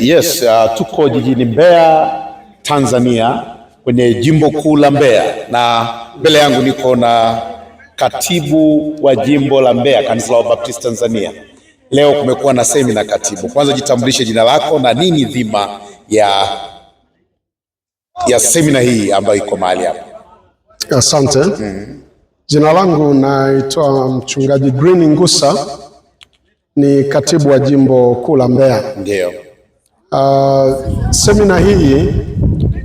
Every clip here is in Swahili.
Yes, uh, tuko jijini Mbeya, Tanzania kwenye jimbo kuu la Mbeya na mbele yangu niko na katibu wa jimbo la Mbeya, Kanisa la Baptist Tanzania. Leo kumekuwa na semina. Katibu, kwanza jitambulishe jina lako na nini dhima ya, ya semina hii ambayo iko mahali hapa. Asante. mm. Jina langu naitwa mchungaji Green Ngusa, ni katibu wa jimbo kuu la Mbeya. Ndio. Uh, semina hii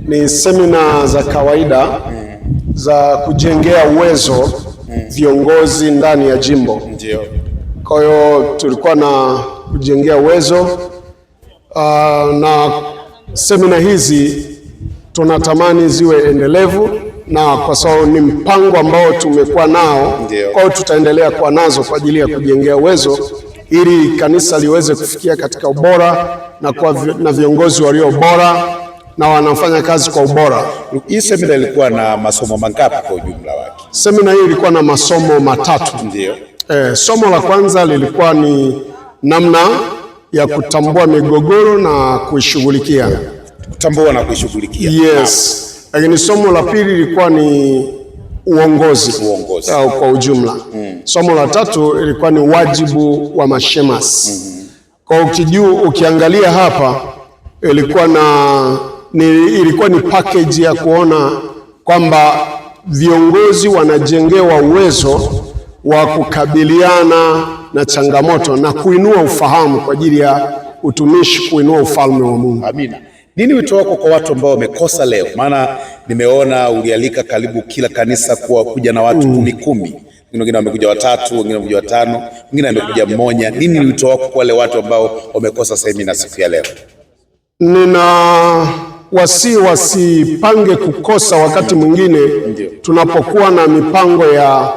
ni semina za kawaida za kujengea uwezo viongozi ndani ya jimbo. Kwa hiyo tulikuwa na kujengea uwezo uh, na semina hizi tunatamani ziwe endelevu, na kwa sababu ni mpango ambao tumekuwa nao, kwa hiyo tutaendelea kuwa nazo kwa ajili ya kujengea uwezo ili kanisa liweze kufikia katika ubora na, kwa vi, na viongozi walio bora na wanafanya kazi kwa ubora. Hii semina ilikuwa na masomo mangapi kwa ujumla wake? Semina hii ilikuwa na masomo matatu. Ndio. E, somo la kwanza lilikuwa ni namna ya kutambua migogoro na kuishughulikia. Kutambua na kuishughulikia. Yes. Lakini somo la pili lilikuwa ni uongozi, uongozi. Kwa ujumla. Mm. Somo la tatu ilikuwa ni wajibu wa mashemas. Mm. Kwa ukijuu ukiangalia hapa ilikuwa na ni, ilikuwa ni package ya kuona kwamba viongozi wanajengewa uwezo wa kukabiliana na changamoto na kuinua ufahamu kwa ajili ya utumishi, kuinua ufalme wa Mungu. Amina. Nini wito wako kwa watu ambao wamekosa leo? Maana nimeona ulialika karibu kila kanisa kuwa kuja na watu mm. kumi kumi wengine wamekuja watatu, wengine wamekuja watano, wengine wamekuja mmoja. Nini ni wito wako kwa wale watu ambao wamekosa semina siku ya leo? Nina wasi wasipange kukosa wakati mwingine tunapokuwa na mipango ya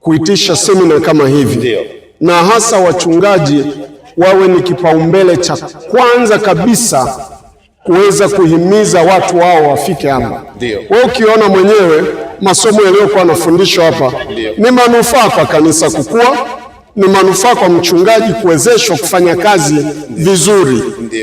kuitisha semina kama hivi. Na hasa wachungaji wawe ni kipaumbele cha kwanza kabisa kuweza kuhimiza watu wao wafike hapa. Wewe ukiona mwenyewe masomo yaliyokuwa yanafundishwa hapa ni manufaa kwa kanisa kukua, ni manufaa kwa mchungaji kuwezeshwa kufanya kazi vizuri.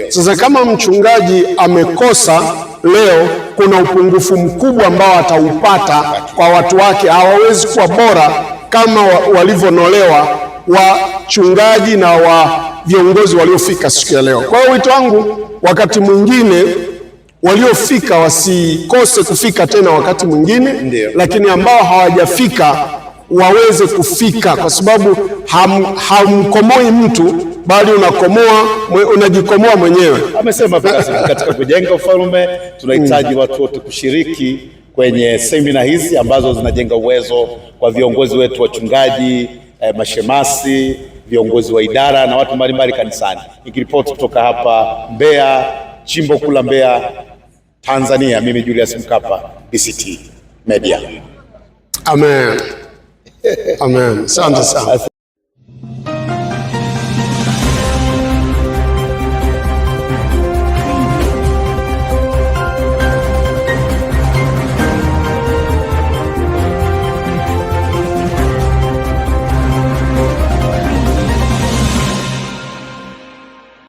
Sasa kama mchungaji amekosa leo, kuna upungufu mkubwa ambao ataupata kwa watu wake. Hawawezi kuwa bora kama walivyonolewa wachungaji na wa viongozi waliofika siku ya leo. Kwa hiyo wito wangu wakati mwingine waliofika wasikose kufika tena wakati mwingine, lakini ambao hawajafika waweze kufika, kwa sababu ham, hamkomoi mtu bali unakomoa unajikomoa mwenyewe. Amesema katika kujenga ufalme tunahitaji mm. watu wote kushiriki kwenye semina hizi ambazo zinajenga uwezo kwa viongozi wetu, wachungaji, eh, mashemasi, viongozi wa idara na watu mbalimbali kanisani. Nikiripoti kutoka hapa Mbeya, chimbo kula mbea Mbeya. Tanzania. Mimi Julius Mkapa, DCT Media. Amen. Amen. Asante sana.